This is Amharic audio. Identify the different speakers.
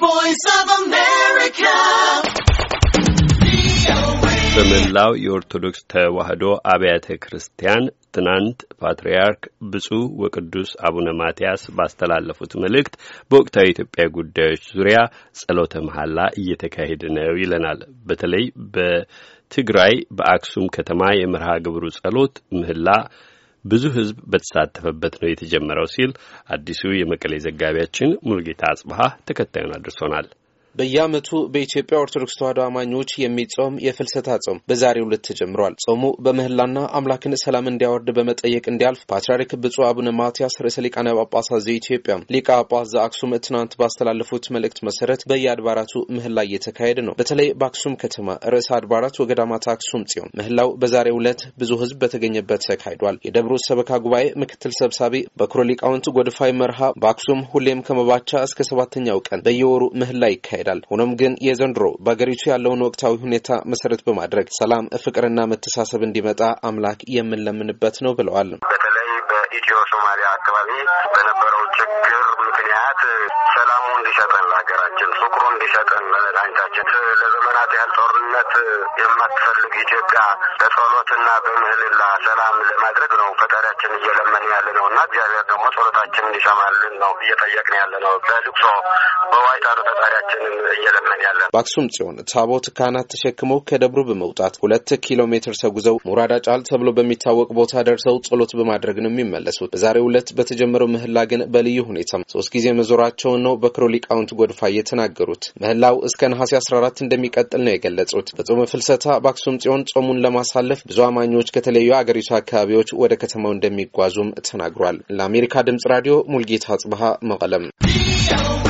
Speaker 1: ቮይስ
Speaker 2: በመላው የኦርቶዶክስ ተዋህዶ አብያተ ክርስቲያን ትናንት ፓትርያርክ ብፁዕ ወቅዱስ አቡነ ማትያስ ባስተላለፉት መልእክት በወቅታዊ የኢትዮጵያ ጉዳዮች ዙሪያ ጸሎተ መሐላ እየተካሄደ ነው ይለናል። በተለይ በትግራይ በአክሱም ከተማ የመርሃ ግብሩ ጸሎት ምህላ ብዙ ሕዝብ በተሳተፈበት ነው የተጀመረው ሲል አዲሱ የመቀሌ ዘጋቢያችን ሙልጌታ አጽብሃ ተከታዩን አድርሶናል።
Speaker 3: በየዓመቱ በኢትዮጵያ ኦርቶዶክስ ተዋሕዶ አማኞች የሚጾም የፍልሰታ ጾም በዛሬው ዕለት ተጀምሯል። ጾሙ በምህላና አምላክን ሰላም እንዲያወርድ በመጠየቅ እንዲያልፍ ፓትርያርክ ብፁዕ አቡነ ማትያስ ርዕሰ ሊቃነ ጳጳሳት ዘኢትዮጵያ ሊቀ ጳጳስ ዘአክሱም ትናንት ባስተላለፉት መልእክት መሰረት በየአድባራቱ ምህላ እየተካሄደ ነው። በተለይ በአክሱም ከተማ ርዕሰ አድባራት ወገዳማት አክሱም ጽዮን ምህላው በዛሬው ዕለት ብዙ ሕዝብ በተገኘበት ተካሂዷል። የደብሩ ሰበካ ጉባኤ ምክትል ሰብሳቢ በኩረ ሊቃውንት ጎድፋይ መርሃ በአክሱም ሁሌም ከመባቻ እስከ ሰባተኛው ቀን በየወሩ ምህላ ይካሄዳል ይካሄዳል። ሆኖም ግን የዘንድሮ በአገሪቱ ያለውን ወቅታዊ ሁኔታ መሰረት በማድረግ ሰላም፣ ፍቅርና መተሳሰብ እንዲመጣ አምላክ የምንለምንበት ነው ብለዋል።
Speaker 1: ኢትዮ ሶማሊያ አካባቢ በነበረው ችግር ምክንያት ሰላሙ እንዲሰጠን ለሀገራችን ፍቅሩ እንዲሰጠን መድኃኒታችን ለዘመናት ያህል ጦርነት የማትፈልግ ኢትዮጵያ በጸሎትና በምህልላ ሰላም ለማድረግ ነው ፈጣሪያችን እየለመን ያለ ነው እና እግዚአብሔር ደግሞ ጸሎታችን እንዲሰማልን ነው እየጠየቅን ያለ
Speaker 3: ነው። በልቅሶ በዋይታ ነው ፈጣሪያችንን እየለመን ያለ ነው። በአክሱም ጽዮን ታቦት ካህናት ተሸክመው ከደብሩ በመውጣት ሁለት ኪሎ ሜትር ተጉዘው ሙራዳ ጫል ተብሎ በሚታወቅ ቦታ ደርሰው ጸሎት በማድረግ ነው የሚመለ ሲመለሱ በዛሬው ዕለት በተጀመረው ምህላ ግን በልዩ ሁኔታ ሶስት ጊዜ መዞራቸውን ነው በክሮ ሊቃውንት ጎድፋ የተናገሩት። ምህላው እስከ ነሐሴ 14 እንደሚቀጥል ነው የገለጹት። በጾመ ፍልሰታ በአክሱም ጽዮን ጾሙን ለማሳለፍ ብዙ አማኞች ከተለያዩ አገሪቱ አካባቢዎች ወደ ከተማው እንደሚጓዙም ተናግሯል። ለአሜሪካ ድምጽ ራዲዮ ሙልጌታ አጽብሃ መቀለም